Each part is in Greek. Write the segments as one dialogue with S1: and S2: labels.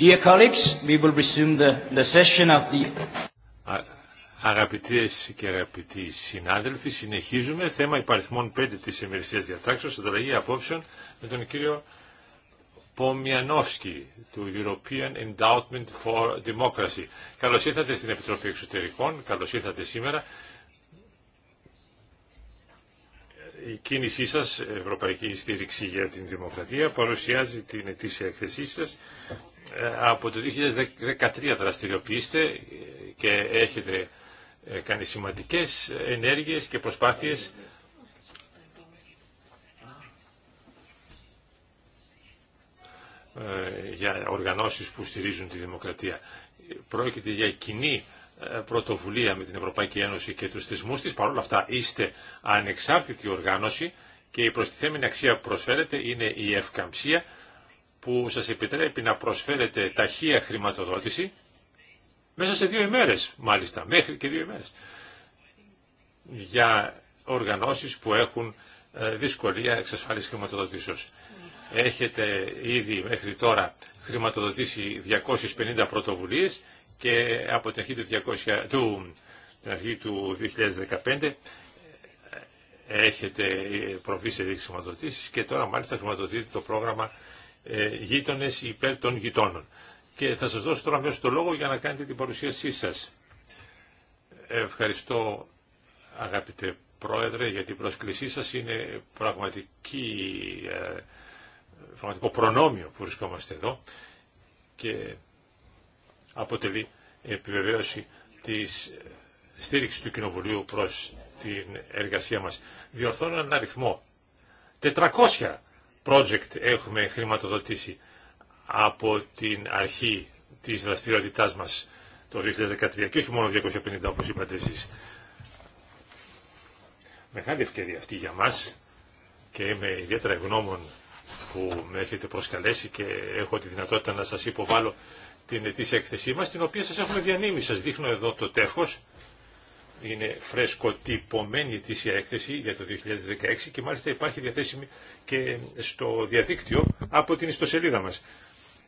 S1: Dear
S2: και αγαπητοί συνάδελφοι, συνεχίζουμε θέμα υπαριθμών 5 της ημερησίας διατάξεως, ανταλλαγή απόψεων με τον κύριο Πομιανόφσκι του European Endowment for Democracy. Καλώς ήρθατε στην Επιτροπή Εξωτερικών, καλώς ήρθατε σήμερα. Η κίνησή σας, Ευρωπαϊκή Στήριξη για την Δημοκρατία, παρουσιάζει την ετήσια εκθεσή ε, από το 2013 δραστηριοποιείστε ε, και έχετε ε, κάνει σημαντικές ενέργειες και προσπάθειες για οργανώσεις που στηρίζουν τη δημοκρατία. Πρόκειται για κοινή πρωτοβουλία με την Ευρωπαϊκή Ένωση και τους θεσμούς της. Παρ' όλα αυτά είστε ανεξάρτητη οργάνωση και η προστιθέμενη αξία που προσφέρετε είναι η ευκαμψία που σας επιτρέπει να προσφέρετε ταχεία χρηματοδότηση μέσα σε δύο ημέρες μάλιστα, μέχρι και δύο ημέρες, για οργανώσεις που έχουν ε, δυσκολία εξασφάλισης χρηματοδοτήσεως. Έχετε ήδη μέχρι τώρα χρηματοδοτήσει 250 πρωτοβουλίες και από την αρχή του, 200, του, 2015 ε, έχετε ε, προβεί σε χρηματοδοτήσεις και τώρα μάλιστα χρηματοδοτείτε το πρόγραμμα ε, Γείτονε υπέρ των γειτόνων. Και θα σας δώσω τώρα μέσα το λόγο για να κάνετε την παρουσίασή σας. Ευχαριστώ αγαπητέ Πρόεδρε για την πρόσκλησή σας. Είναι πραγματική, ε, πραγματικό προνόμιο που βρισκόμαστε εδώ και αποτελεί επιβεβαίωση της στήριξης του Κοινοβουλίου προς την εργασία μας. Διορθώνω έναν αριθμό. 400 project έχουμε χρηματοδοτήσει από την αρχή της δραστηριότητάς μας το 2013 και όχι μόνο 250 όπως είπατε εσείς. Μεγάλη ευκαιρία αυτή για μας και είμαι ιδιαίτερα ευγνώμων που με έχετε προσκαλέσει και έχω τη δυνατότητα να σας υποβάλω την ετήσια εκθεσή μας, την οποία σας έχουμε διανύμει. Σας δείχνω εδώ το τεύχος είναι φρεσκοτυπωμένη της η έκθεση για το 2016 και μάλιστα υπάρχει διαθέσιμη και στο διαδίκτυο από την ιστοσελίδα μας.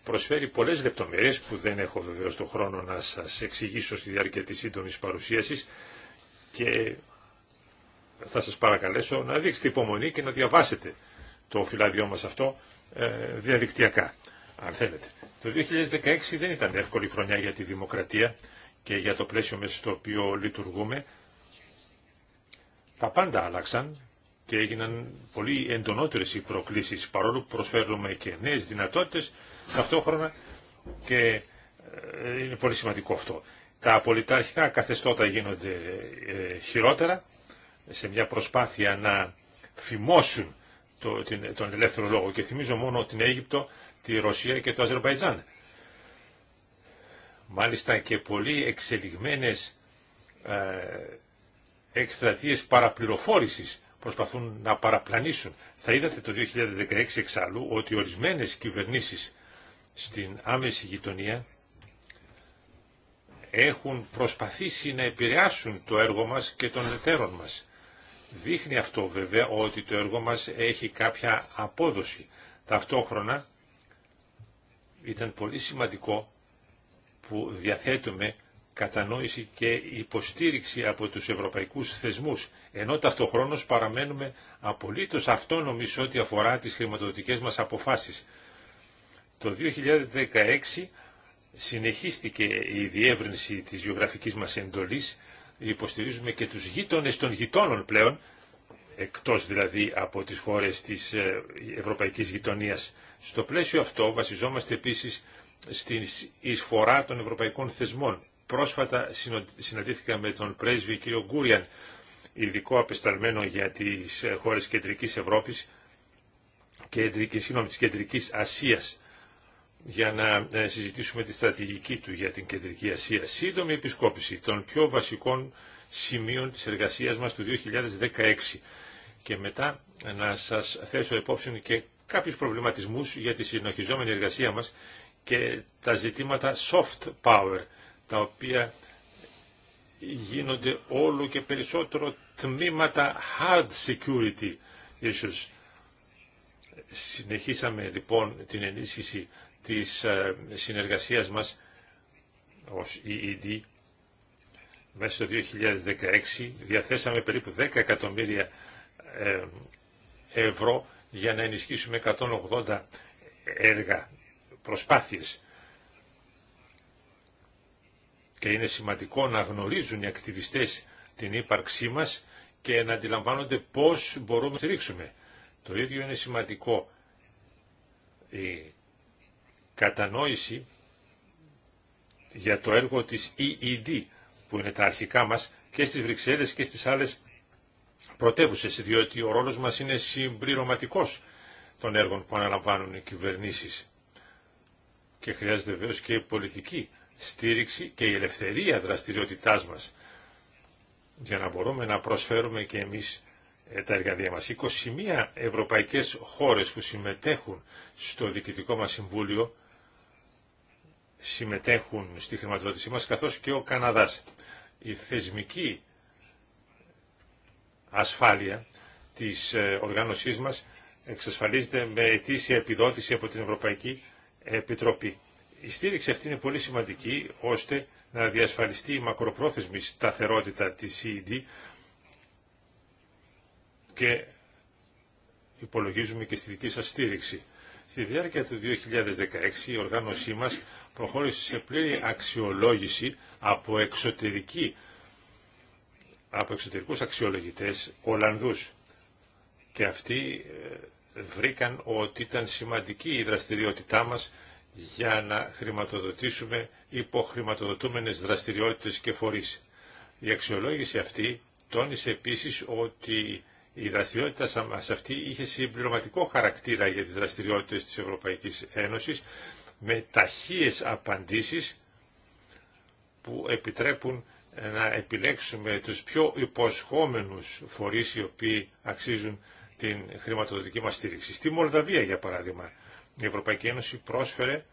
S2: Προσφέρει πολλές λεπτομέρειες που δεν έχω βεβαίως τον χρόνο να σας εξηγήσω στη διάρκεια της σύντομης παρουσίασης και θα σας παρακαλέσω να δείξετε υπομονή και να διαβάσετε το φυλάδιό μας αυτό ε, διαδικτυακά, αν θέλετε. Το 2016 δεν ήταν εύκολη χρονιά για τη δημοκρατία και για το πλαίσιο μέσα στο οποίο λειτουργούμε, τα πάντα άλλαξαν και έγιναν πολύ εντονότερες οι προκλήσεις, παρόλο που προσφέρουμε και νέες δυνατότητες, ταυτόχρονα και ε, είναι πολύ σημαντικό αυτό. Τα πολιτάρχικα καθεστώτα γίνονται ε, χειρότερα σε μια προσπάθεια να φημώσουν τον ελεύθερο λόγο και θυμίζω μόνο την Αίγυπτο, τη Ρωσία και το Αζερβαϊτζάν μάλιστα και πολύ εξελιγμένες ε, εκστρατείες παραπληροφόρησης προσπαθούν να παραπλανήσουν. Θα είδατε το 2016 εξάλλου ότι ορισμένες κυβερνήσεις στην άμεση γειτονία έχουν προσπαθήσει να επηρεάσουν το έργο μας και των εταίρων μας. Δείχνει αυτό βέβαια ότι το έργο μας έχει κάποια απόδοση. Ταυτόχρονα ήταν πολύ σημαντικό που διαθέτουμε κατανόηση και υποστήριξη από τους ευρωπαϊκούς θεσμούς, ενώ ταυτοχρόνως παραμένουμε απολύτως αυτόνομοι σε ό,τι αφορά τις χρηματοδοτικές μας αποφάσεις. Το 2016 συνεχίστηκε η διεύρυνση της γεωγραφικής μας εντολής, υποστηρίζουμε και τους γείτονες των γειτόνων πλέον, εκτός δηλαδή από τις χώρες της ε, ευρωπαϊκής γειτονίας. Στο πλαίσιο αυτό βασιζόμαστε επίσης στην εισφορά των ευρωπαϊκών θεσμών. Πρόσφατα συναντήθηκα με τον πρέσβη κ. Γκούριαν, ειδικό απεσταλμένο για τις ε, χώρες κεντρικής Ευρώπης και συγγνώμη, της κεντρικής Ασίας για να ε, συζητήσουμε τη στρατηγική του για την Κεντρική Ασία. Σύντομη επισκόπηση των πιο βασικών σημείων της εργασίας μας του 2016 και μετά να σας θέσω υπόψη και κάποιους προβληματισμούς για τη συνοχιζόμενη εργασία μας και τα ζητήματα soft power, τα οποία γίνονται όλο και περισσότερο τμήματα hard security issues. Συνεχίσαμε λοιπόν την ενίσχυση της ε, συνεργασίας μας ως EED. Μέσα στο 2016 διαθέσαμε περίπου 10 εκατομμύρια ε, ευρώ για να ενισχύσουμε 180 έργα, προσπάθειες. Και είναι σημαντικό να γνωρίζουν οι ακτιβιστές την ύπαρξή μας και να αντιλαμβάνονται πώς μπορούμε να στηρίξουμε. Το ίδιο είναι σημαντικό η κατανόηση για το έργο της EED που είναι τα αρχικά μας και στις Βρυξέλλες και στις άλλες πρωτεύουσε, διότι ο ρόλος μας είναι συμπληρωματικό των έργων που αναλαμβάνουν οι κυβερνήσεις. Και χρειάζεται βεβαίω και η πολιτική στήριξη και η ελευθερία δραστηριότητάς μας, για να μπορούμε να προσφέρουμε και εμείς ε, τα εργαδία μας. 21 ευρωπαϊκές χώρες που συμμετέχουν στο Διοικητικό μας Συμβούλιο συμμετέχουν στη χρηματοδότησή μας, καθώς και ο Καναδάς. Η θεσμική ασφάλεια της ε, οργάνωσής μας εξασφαλίζεται με ετήσια επιδότηση από την Ευρωπαϊκή Επιτροπή. Η στήριξη αυτή είναι πολύ σημαντική ώστε να διασφαλιστεί η μακροπρόθεσμη σταθερότητα της CED και υπολογίζουμε και στη δική σας στήριξη. Στη διάρκεια του 2016 η οργάνωσή μας προχώρησε σε πλήρη αξιολόγηση από εξωτερική από εξωτερικούς αξιολογητές Ολλανδούς και αυτοί ε, βρήκαν ότι ήταν σημαντική η δραστηριότητά μας για να χρηματοδοτήσουμε υποχρηματοδοτούμενες δραστηριότητες και φορείς. Η αξιολόγηση αυτή τόνισε επίσης ότι η δραστηριότητα μας αυτή είχε συμπληρωματικό χαρακτήρα για τις δραστηριότητες της Ευρωπαϊκής Ένωσης με ταχείες απαντήσεις που επιτρέπουν να επιλέξουμε τους πιο υποσχόμενους φορείς οι οποίοι αξίζουν την χρηματοδοτική μας στήριξη. Στη Μολδαβία, για παράδειγμα, η Ευρωπαϊκή Ένωση πρόσφερε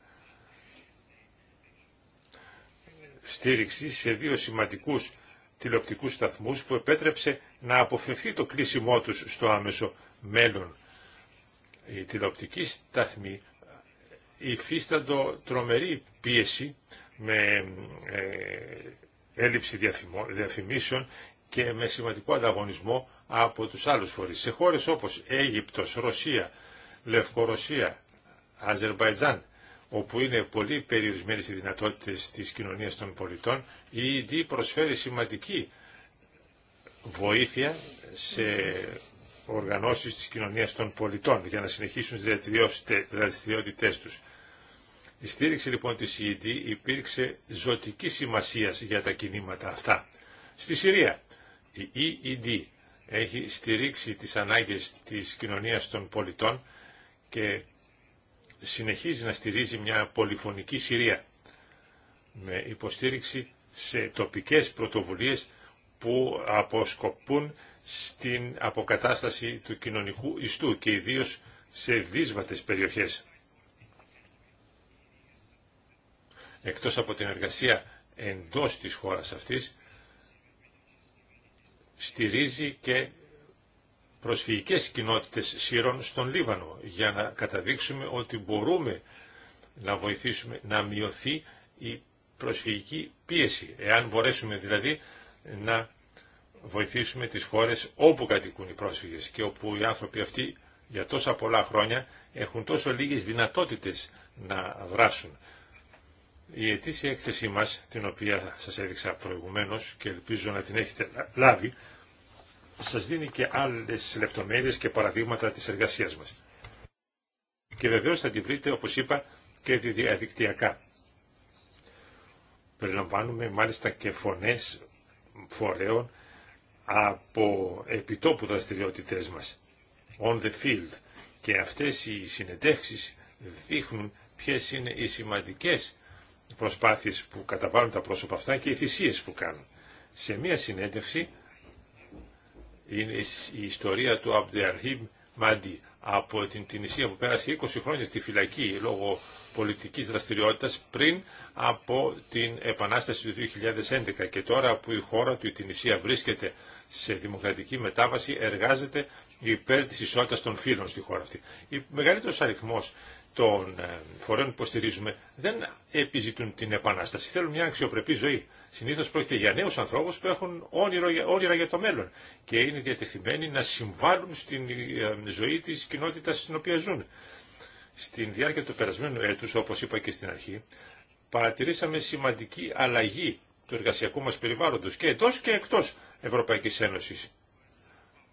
S2: στήριξη σε δύο σημαντικούς τηλεοπτικούς σταθμούς που επέτρεψε να αποφευθεί το κλείσιμό τους στο άμεσο μέλλον. Η τηλεοπτική σταθμή υφίσταντο τρομερή πίεση με ε, έλλειψη διαφημίσεων και με σημαντικό ανταγωνισμό από τους άλλους φορείς. Σε χώρες όπως Αίγυπτος, Ρωσία, Λευκορωσία, Αζερβαϊτζάν, όπου είναι πολύ περιορισμένες οι δυνατότητες της κοινωνίας των πολιτών, η ΕΕ προσφέρει σημαντική βοήθεια σε οργανώσεις της κοινωνίας των πολιτών για να συνεχίσουν τις δραστηριότητές τους. Η στήριξη λοιπόν της ΙΕΤ υπήρξε ζωτική σημασία για τα κινήματα αυτά. Στη Συρία η EED έχει στηρίξει τις ανάγκες της κοινωνίας των πολιτών και συνεχίζει να στηρίζει μια πολυφωνική Συρία με υποστήριξη σε τοπικές πρωτοβουλίες που αποσκοπούν στην αποκατάσταση του κοινωνικού ιστού και ιδίως σε δύσβατες περιοχές. εκτός από την εργασία εντός της χώρας αυτής, στηρίζει και προσφυγικές κοινότητες σύρων στον Λίβανο για να καταδείξουμε ότι μπορούμε να βοηθήσουμε να μειωθεί η προσφυγική πίεση. Εάν μπορέσουμε δηλαδή να βοηθήσουμε τις χώρες όπου κατοικούν οι πρόσφυγες και όπου οι άνθρωποι αυτοί για τόσα πολλά χρόνια έχουν τόσο λίγες δυνατότητες να δράσουν. Η ετήσια έκθεσή μας, την οποία σας έδειξα προηγουμένως και ελπίζω να την έχετε λάβει, σας δίνει και άλλες λεπτομέρειες και παραδείγματα της εργασίας μας. Και βεβαίως θα την βρείτε, όπως είπα, και διαδικτυακά. Περιλαμβάνουμε μάλιστα και φωνές φορέων από επιτόπου δραστηριότητές μας, on the field. Και αυτές οι συνεντεύξεις δείχνουν ποιες είναι οι σημαντικές προσπάθειες που καταβάλουν τα πρόσωπα αυτά και οι θυσίες που κάνουν. Σε μία συνέντευξη είναι η ιστορία του Αμπδεαρχήμ Μάντι από την Τινησία που πέρασε 20 χρόνια στη φυλακή λόγω πολιτικής δραστηριότητας πριν από την Επανάσταση του 2011 και τώρα που η χώρα του η Τινησία βρίσκεται σε δημοκρατική μετάβαση εργάζεται υπέρ της ισότητας των φύλων στη χώρα αυτή. Ο μεγαλύτερος αριθμός των ε, φορέων που στηρίζουμε δεν επιζητούν την επανάσταση. Θέλουν μια αξιοπρεπή ζωή. Συνήθω πρόκειται για νέου ανθρώπου που έχουν όνειρο, όνειρα για το μέλλον και είναι διατεθειμένοι να συμβάλλουν στην ε, ζωή τη κοινότητα στην οποία ζουν. Στην διάρκεια του περασμένου έτου, όπω είπα και στην αρχή, παρατηρήσαμε σημαντική αλλαγή του εργασιακού μα περιβάλλοντο και εντό και εκτό Ευρωπαϊκή Ένωση.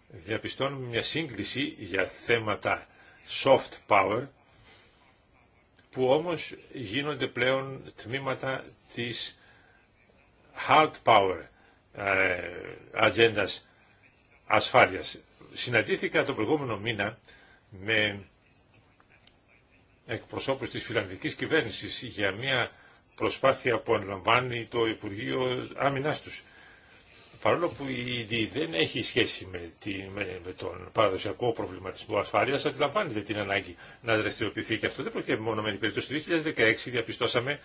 S2: Διαπιστώνουμε μια σύγκληση για θέματα soft power που όμως γίνονται πλέον τμήματα της hard power ε, ασφάλειας. Συναντήθηκα τον προηγούμενο μήνα με εκπροσώπους της φιλανδικής κυβέρνησης για μια προσπάθεια που αναλαμβάνει το Υπουργείο Άμυνάς τους. Παρόλο που η ED δεν έχει σχέση με, τη, με, με τον παραδοσιακό προβληματισμό ασφάλεια, αντιλαμβάνεται την ανάγκη να δραστηριοποιηθεί και αυτό δεν πρόκειται μόνο με την περίπτωση. Το 2016 διαπιστώσαμε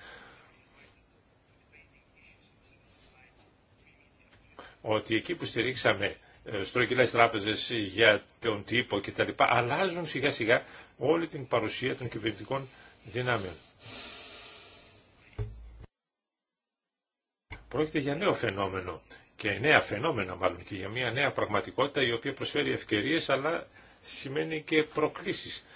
S2: ότι εκεί που στηρίξαμε ε, στρογγυλές τράπεζες για τον τύπο κτλ. αλλάζουν σιγά σιγά όλη την παρουσία των κυβερνητικών δυνάμεων. Πρόκειται για νέο φαινόμενο και νέα φαινόμενα μάλλον και για μια νέα πραγματικότητα η οποία προσφέρει ευκαιρίες αλλά σημαίνει και προκλήσεις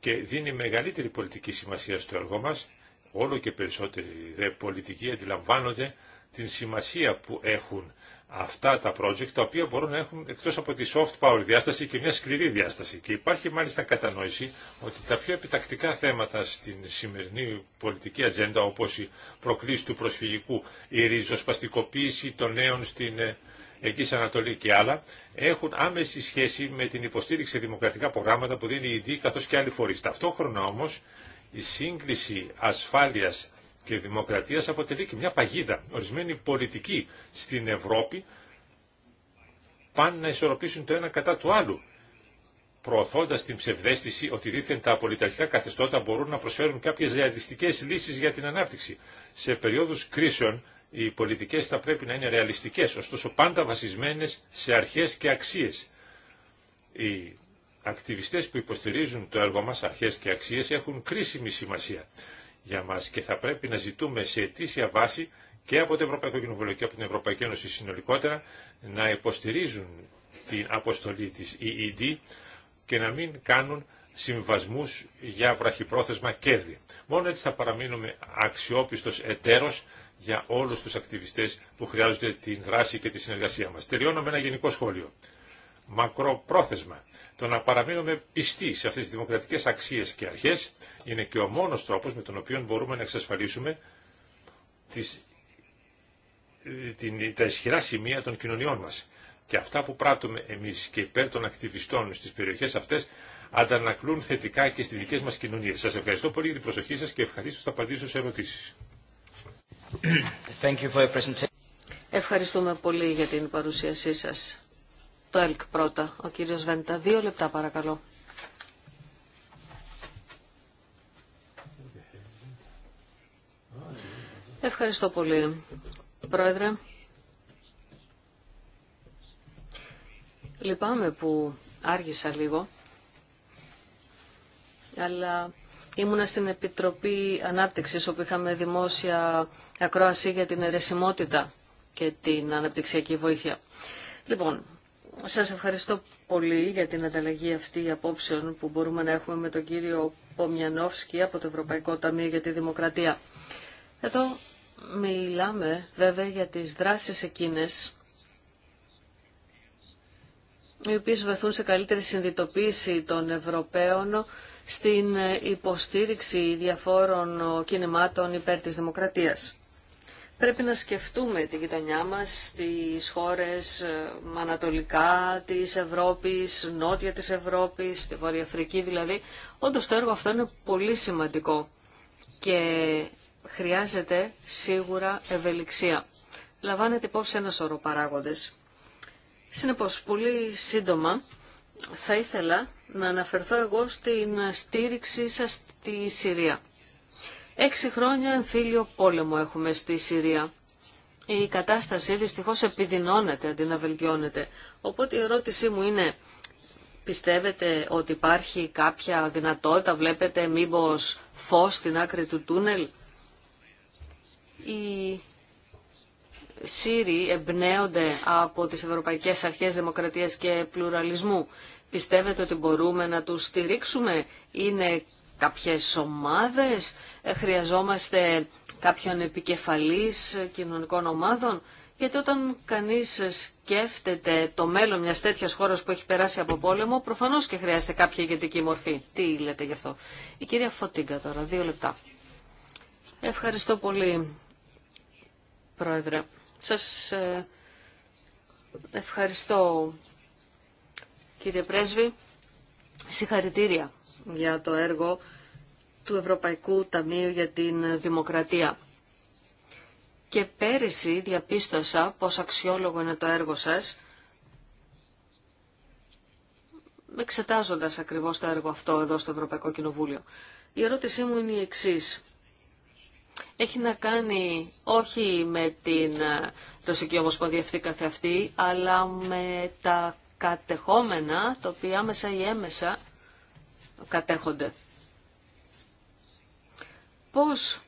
S2: και δίνει μεγαλύτερη πολιτική σημασία στο έργο μας. Όλο και περισσότεροι δε πολιτικοί αντιλαμβάνονται την σημασία που έχουν αυτά τα project τα οποία μπορούν να έχουν εκτός από τη soft power διάσταση και μια σκληρή διάσταση. Και υπάρχει μάλιστα κατανόηση ότι τα πιο επιτακτικά θέματα στην σημερινή πολιτική ατζέντα όπως η προκλήση του προσφυγικού, η ριζοσπαστικοποίηση των νέων στην σε Ανατολή και άλλα έχουν άμεση σχέση με την υποστήριξη δημοκρατικά προγράμματα που δίνει η ΕΔΗ καθώς και άλλοι φορείς. Ταυτόχρονα όμως η σύγκληση ασφάλειας και δημοκρατία αποτελεί και μια παγίδα. Ορισμένοι πολιτικοί στην Ευρώπη πάνε να ισορροπήσουν το ένα κατά του άλλου, προωθώντας την ψευδέστηση ότι δήθεν τα πολιταρχικά καθεστώτα μπορούν να προσφέρουν κάποιες ρεαλιστικές λύσεις για την ανάπτυξη. Σε περίοδους κρίσεων οι πολιτικές θα πρέπει να είναι ρεαλιστικές, ωστόσο πάντα βασισμένες σε αρχές και αξίες. Οι ακτιβιστές που υποστηρίζουν το έργο μας αρχές και αξίες έχουν κρίσιμη σημασία για μας και θα πρέπει να ζητούμε σε αιτήσια βάση και από το Ευρωπαϊκό Κοινοβούλιο και από την Ευρωπαϊκή Ένωση συνολικότερα να υποστηρίζουν την αποστολή της EED και να μην κάνουν συμβασμούς για βραχυπρόθεσμα κέρδη. Μόνο έτσι θα παραμείνουμε αξιόπιστος εταίρος για όλους τους ακτιβιστές που χρειάζονται την δράση και τη συνεργασία μας. Τελειώνω με ένα γενικό σχόλιο μακροπρόθεσμα. Το να παραμείνουμε πιστοί σε αυτές τις δημοκρατικές αξίες και αρχές είναι και ο μόνος τρόπος με τον οποίο μπορούμε να εξασφαλίσουμε τις, την, τα ισχυρά σημεία των κοινωνιών μας. Και αυτά που πράττουμε εμείς και υπέρ των ακτιβιστών στις περιοχές αυτές αντανακλούν θετικά και στις δικές μας κοινωνίες. Σας ευχαριστώ πολύ για την προσοχή σας και ευχαριστώ θα απαντήσω σε ερωτήσεις.
S1: Ευχαριστούμε πολύ για την παρουσίασή σας το ΕΛΚ πρώτα, ο κύριος Βέντα. Δύο λεπτά παρακαλώ. Ευχαριστώ πολύ, Πρόεδρε. Λυπάμαι που άργησα λίγο, αλλά ήμουνα στην Επιτροπή Ανάπτυξης, όπου είχαμε δημόσια ακρόαση για την ερεσιμότητα και την αναπτυξιακή βοήθεια. Λοιπόν, σας ευχαριστώ πολύ για την ανταλλαγή αυτή απόψεων που μπορούμε να έχουμε με τον κύριο Πομιανόφσκι από το Ευρωπαϊκό Ταμείο για τη Δημοκρατία. Εδώ μιλάμε βέβαια για τις δράσεις εκείνες οι οποίες βεθούν σε καλύτερη συνδυτοποίηση των Ευρωπαίων στην υποστήριξη διαφόρων κινημάτων υπέρ της δημοκρατίας πρέπει να σκεφτούμε τη γειτονιά μας στις χώρες ε, ανατολικά της Ευρώπης, νότια της Ευρώπης, τη Βόρεια δηλαδή. Όντως το έργο αυτό είναι πολύ σημαντικό και χρειάζεται σίγουρα ευελιξία. Λαμβάνεται υπόψη ένα σωρό παράγοντες. Συνεπώς, πολύ σύντομα θα ήθελα να αναφερθώ εγώ στην στήριξή σας στη Συρία. Έξι χρόνια εμφύλιο πόλεμο έχουμε στη Συρία. Η κατάσταση δυστυχώς επιδεινώνεται αντί να βελτιώνεται. Οπότε η ερώτησή μου είναι, πιστεύετε ότι υπάρχει κάποια δυνατότητα, βλέπετε μήπως φως στην άκρη του τούνελ. Οι Σύριοι εμπνέονται από τις Ευρωπαϊκές Αρχές Δημοκρατίας και Πλουραλισμού. Πιστεύετε ότι μπορούμε να τους στηρίξουμε. Είναι κάποιες ομάδες, ε, χρειαζόμαστε κάποιον επικεφαλής κοινωνικών ομάδων. Γιατί όταν κανείς σκέφτεται το μέλλον μιας τέτοιας χώρας που έχει περάσει από πόλεμο, προφανώς και χρειάζεται κάποια ηγετική μορφή. Τι λέτε γι' αυτό. Η κυρία Φωτίγκα τώρα, δύο λεπτά. Ευχαριστώ πολύ, Πρόεδρε. Σας ε, ευχαριστώ, κύριε Πρέσβη. Συγχαρητήρια για το έργο του Ευρωπαϊκού Ταμείου για την Δημοκρατία. Και πέρυσι διαπίστωσα πως αξιόλογο είναι το έργο σας, εξετάζοντας ακριβώς το έργο αυτό εδώ στο Ευρωπαϊκό Κοινοβούλιο. Η ερώτησή μου είναι η εξής. Έχει να κάνει όχι με την ε, Ρωσική Ομοσπονδία αυτή καθεαυτή, αλλά με τα κατεχόμενα, τα οποία άμεσα ή έμεσα κατέχονται. Πώς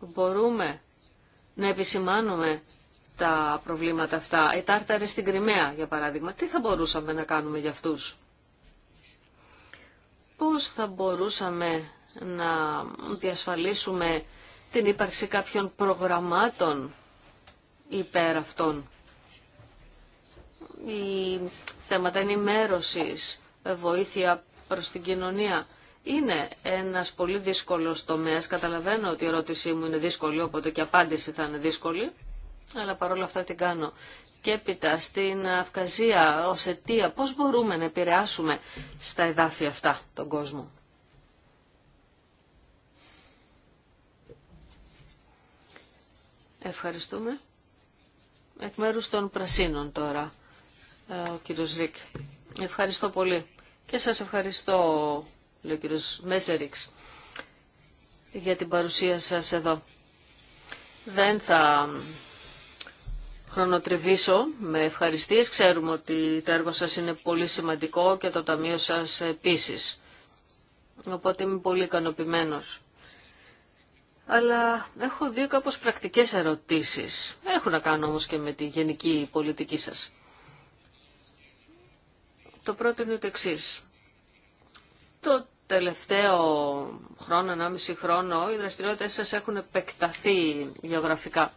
S1: μπορούμε να επισημάνουμε τα προβλήματα αυτά. Οι τάρταρες στην Κρυμαία, για παράδειγμα, τι θα μπορούσαμε να κάνουμε για αυτούς. Πώς θα μπορούσαμε να διασφαλίσουμε την ύπαρξη κάποιων προγραμμάτων υπέρ αυτών. Οι θέματα ενημέρωσης, βοήθεια προς την κοινωνία. Είναι ένας πολύ δύσκολος τομέας. Καταλαβαίνω ότι η ερώτησή μου είναι δύσκολη, οπότε και η απάντηση θα είναι δύσκολη, αλλά παρόλα αυτά την κάνω. Και έπειτα στην Αυκαζία, ως αιτία, πώς μπορούμε να επηρεάσουμε στα εδάφη αυτά τον κόσμο. Ευχαριστούμε. Εκ μέρους των Πρασίνων τώρα, ε, ο κύριος Ρίκ. Ευχαριστώ πολύ. Και σας ευχαριστώ, λέει ο κύριος Μέσεριξ, για την παρουσία σας εδώ. Δεν θα χρονοτριβήσω με ευχαριστίες. Ξέρουμε ότι το έργο σας είναι πολύ σημαντικό και το ταμείο σας επίσης. Οπότε είμαι πολύ ικανοποιημένο. Αλλά έχω δύο κάπως πρακτικές ερωτήσεις. Έχουν να κάνουν όμως και με τη γενική πολιτική σας. Το πρώτο είναι το εξή. Το τελευταίο χρόνο, μισή χρόνο, οι δραστηριότητες σας έχουν επεκταθεί γεωγραφικά.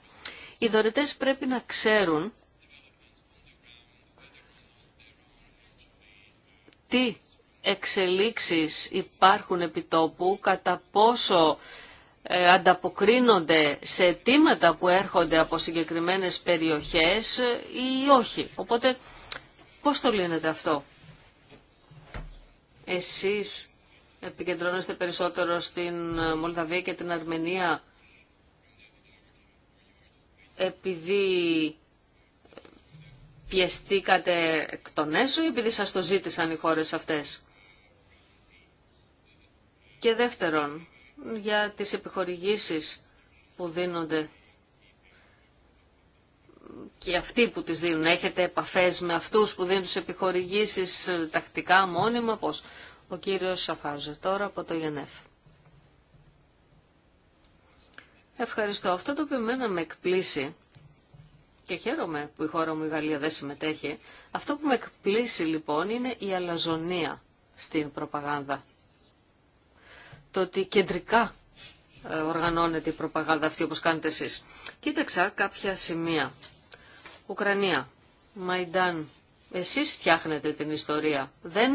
S1: Οι δωρητέ πρέπει να ξέρουν τι εξελίξεις υπάρχουν επιτόπου, κατά πόσο ε, ανταποκρίνονται σε αιτήματα που έρχονται από συγκεκριμένες περιοχές ή όχι. Οπότε, πώς το λύνεται αυτό. Εσείς επικεντρώνεστε περισσότερο στην ε, Μολδαβία και την Αρμενία επειδή ε, πιεστήκατε εκ των έσω ή επειδή σας το ζήτησαν οι χώρες αυτές. Και δεύτερον, για τις επιχορηγήσεις που δίνονται και αυτοί που τις δίνουν. Έχετε επαφές με αυτούς που δίνουν τις επιχορηγήσεις ε, τακτικά, μόνιμα, πώς. Ο κύριος Σαφάζε τώρα από το ΙΕΝΕΦ. Ευχαριστώ. Αυτό το οποίο μένα με εκπλήσει και χαίρομαι που η χώρα μου η Γαλλία δεν συμμετέχει. Αυτό που με εκπλήσει λοιπόν είναι η αλαζονία στην προπαγάνδα. Το ότι κεντρικά ε, οργανώνεται η προπαγάνδα αυτή όπως κάνετε εσείς. Κοίταξα κάποια σημεία Ουκρανία, Μαϊντάν. Εσείς φτιάχνετε την ιστορία. Δεν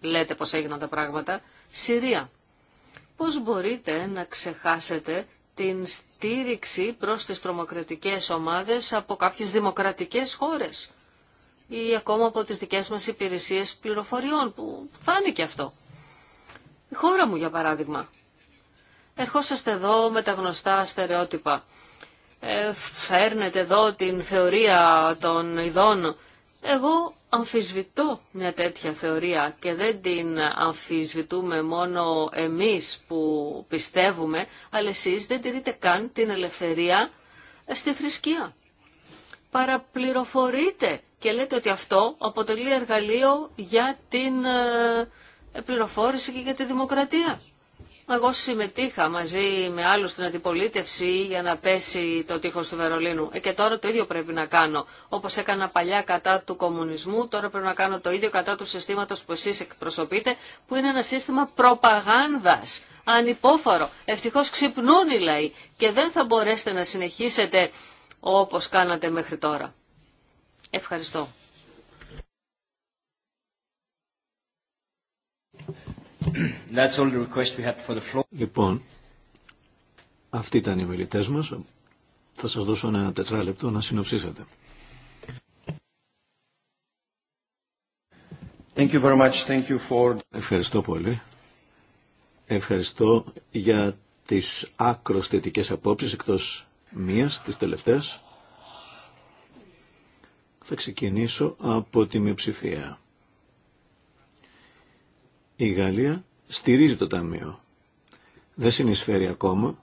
S1: λέτε πώς έγιναν τα πράγματα. Συρία. Πώς μπορείτε να ξεχάσετε την στήριξη προς τις τρομοκρατικές ομάδες από κάποιες δημοκρατικές χώρες ή ακόμα από τις δικές μας υπηρεσίες πληροφοριών που φάνηκε αυτό. Η χώρα μου για παράδειγμα. Ερχόσαστε εδώ με τα γνωστά στερεότυπα. Ε, φέρνετε εδώ την θεωρία των ειδών. Εγώ αμφισβητώ μια τέτοια θεωρία και δεν την αμφισβητούμε μόνο εμείς που πιστεύουμε, αλλά εσείς δεν τηρείτε καν την ελευθερία στη θρησκεία. Παραπληροφορείτε και λέτε ότι αυτό αποτελεί εργαλείο για την ε, πληροφόρηση και για τη δημοκρατία. Εγώ συμμετείχα μαζί με άλλους στην αντιπολίτευση για να πέσει το τείχος του Βερολίνου. Ε, και τώρα το ίδιο πρέπει να κάνω. Όπως έκανα παλιά κατά του κομμουνισμού, τώρα πρέπει να κάνω το ίδιο κατά του συστήματος που εσεί εκπροσωπείτε, που είναι ένα σύστημα προπαγάνδας, ανυπόφορο. Ευτυχώ ξυπνούν οι λαοί και δεν θα μπορέσετε να συνεχίσετε όπω κάνατε μέχρι τώρα. Ευχαριστώ.
S3: Λοιπόν, αυτοί ήταν οι μιλητέ μα. Θα σα δώσω ένα τετράλεπτο να συνοψίσετε. you Thank you Ευχαριστώ πολύ. Ευχαριστώ για τις άκρος θετικές απόψεις εκτός μίας, της τελευταίας. Θα ξεκινήσω από τη μειοψηφία. Η Γαλλία στηρίζει το Ταμείο. Δεν συνεισφέρει ακόμα,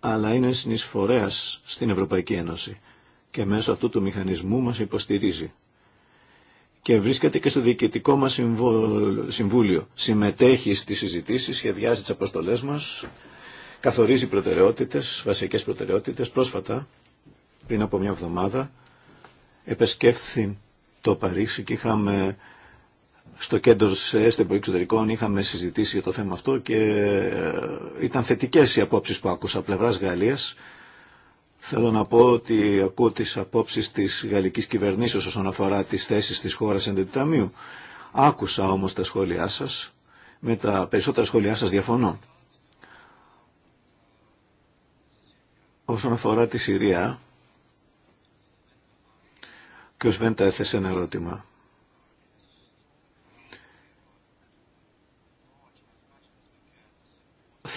S3: αλλά είναι συνεισφορέας στην Ευρωπαϊκή Ένωση και μέσω αυτού του μηχανισμού μας υποστηρίζει. Και βρίσκεται και στο διοικητικό μας συμβούλιο. Συμμετέχει στις συζητήσεις, σχεδιάζει τις αποστολές μας, καθορίζει προτεραιότητες, βασικές προτεραιότητες. Πρόσφατα, πριν από μια εβδομάδα, επεσκέφθη το Παρίσι και είχαμε στο κέντρο ΕΣΤΕΠΟ εξωτερικών είχαμε συζητήσει για το θέμα αυτό και ε, ήταν θετικές οι απόψεις που άκουσα πλευράς Γαλλίας. Θέλω να πω ότι ακούω τις απόψεις της γαλλικής κυβερνήσεως όσον αφορά τις θέσεις της χώρας εν Άκουσα όμως τα σχόλιά σας. Με τα περισσότερα σχόλιά σας διαφωνώ. Όσον αφορά τη Συρία, ο Σβέντα έθεσε ένα ερώτημα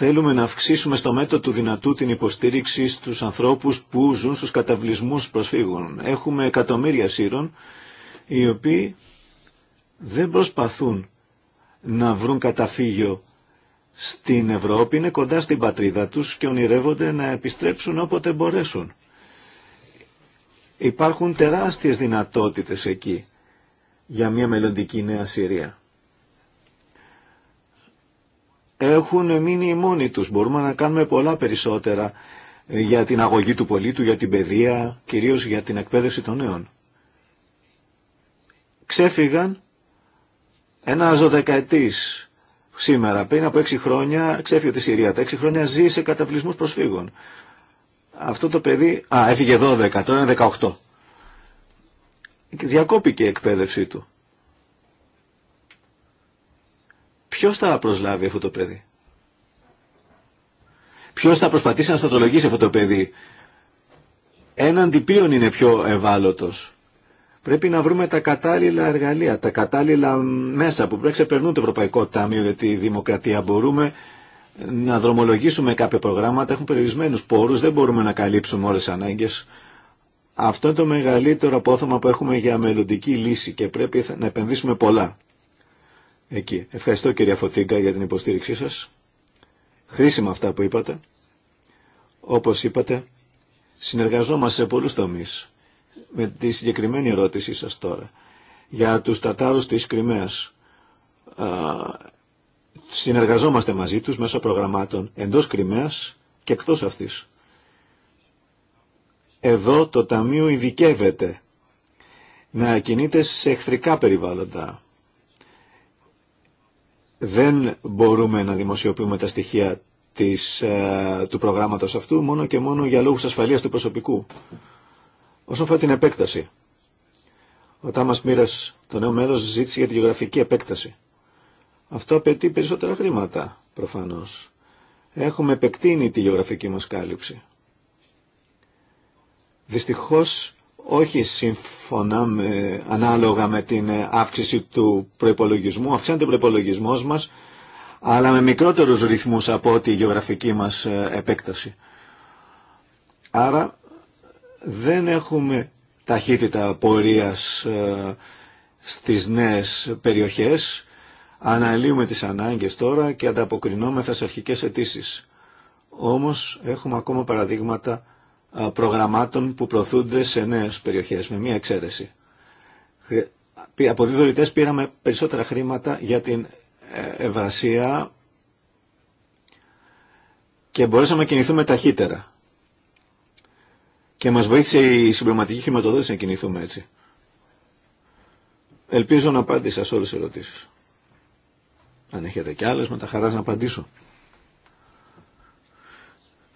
S3: Θέλουμε να αυξήσουμε στο μέτω του δυνατού την υποστήριξη στους ανθρώπους που ζουν στους καταβλισμούς προσφύγων. Έχουμε εκατομμύρια σύρων οι οποίοι δεν προσπαθούν να βρουν καταφύγιο στην Ευρώπη, είναι κοντά στην πατρίδα τους και ονειρεύονται να επιστρέψουν όποτε μπορέσουν. Υπάρχουν τεράστιες δυνατότητες εκεί για μια μελλοντική νέα Συρία έχουν μείνει μόνοι τους. Μπορούμε να κάνουμε πολλά περισσότερα ε, για την αγωγή του πολίτου, για την παιδεία, κυρίως για την εκπαίδευση των νέων. Ξέφυγαν ένα δεκαετής σήμερα, πριν από έξι χρόνια, ξέφυγε τη Συρία. Τα έξι χρόνια ζει σε καταπλησμούς προσφύγων. Αυτό το παιδί, α, έφυγε 12, τώρα είναι 18. Διακόπηκε η εκπαίδευσή του. Ποιος θα προσλάβει αυτό το παιδί. Ποιος θα προσπαθήσει να στατολογήσει αυτό το παιδί. Έναντι ποιον είναι πιο ευάλωτος. Πρέπει να βρούμε τα κατάλληλα εργαλεία, τα κατάλληλα μέσα που πρέπει να ξεπερνούν το Ευρωπαϊκό Τάμιο για τη Δημοκρατία. Μπορούμε να δρομολογήσουμε κάποια προγράμματα, έχουν περιορισμένους πόρους, δεν μπορούμε να καλύψουμε όλες τις ανάγκες. Αυτό είναι το μεγαλύτερο απόθεμα που έχουμε για μελλοντική λύση και πρέπει να επενδύσουμε πολλά εκεί. Ευχαριστώ κυρία Φωτίγκα για την υποστήριξή σας. Χρήσιμα αυτά που είπατε. Όπως είπατε, συνεργαζόμαστε σε πολλούς τομείς. Με τη συγκεκριμένη ερώτησή σας τώρα. Για τους Τατάρους της Κρυμαίας. Συνεργαζόμαστε μαζί τους μέσω προγραμμάτων εντός Κρυμαίας και εκτός αυτής. Εδώ το Ταμείο ειδικεύεται να κινείται σε εχθρικά περιβάλλοντα δεν μπορούμε να δημοσιοποιούμε τα στοιχεία της, ε, του προγράμματος αυτού μόνο και μόνο για λόγους ασφαλείας του προσωπικού. Όσον αφορά την επέκταση, ο Τάμας Μοίρας, το νέο μέλος, ζήτησε για τη γεωγραφική επέκταση. Αυτό απαιτεί περισσότερα χρήματα, προφανώς. Έχουμε επεκτείνει τη γεωγραφική μας κάλυψη. Δυστυχώς όχι συμφωνά ανάλογα με την ε, αύξηση του προπολογισμού. Αυξάνεται ο προπολογισμό μας, αλλά με μικρότερους ρυθμούς από τη η γεωγραφική μας ε, επέκταση. Άρα δεν έχουμε ταχύτητα πορείας ε, στις νέες περιοχές. Αναλύουμε τις ανάγκες τώρα και ανταποκρινόμεθα σε αρχικές αιτήσει. Όμως έχουμε ακόμα παραδείγματα προγραμμάτων που προωθούνται σε νέες περιοχές, με μία εξαίρεση. Από δύο πήραμε περισσότερα χρήματα για την ε, Ευρασία και μπορέσαμε να κινηθούμε ταχύτερα. Και μας βοήθησε η συμπληρωματική χρηματοδότηση να κινηθούμε έτσι. Ελπίζω να απάντησα σε όλες τις ερωτήσεις. Αν έχετε κι άλλες, με τα χαράς να απαντήσω.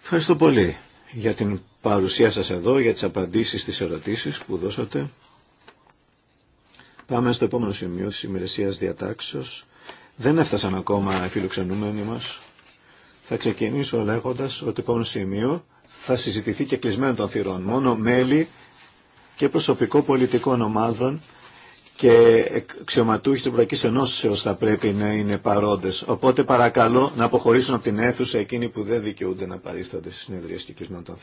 S3: Ευχαριστώ πολύ για την παρουσία σας εδώ, για τις απαντήσεις στις ερωτήσεις που δώσατε. Πάμε στο επόμενο σημείο της ημερησίας διατάξεως. Δεν έφτασαν ακόμα οι φιλοξενούμενοι μας. Θα ξεκινήσω λέγοντας ότι το επόμενο σημείο θα συζητηθεί και κλεισμένο των θυρών. Μόνο μέλη και προσωπικό πολιτικών ομάδων και αξιωματούχοι της Ευρωπαϊκής Ενώσεως θα πρέπει να είναι παρόντες. Οπότε παρακαλώ να αποχωρήσουν από την αίθουσα εκείνοι που δεν δικαιούνται να παρίστανται στις συνεδρίες και κλεισμένο των θυρών.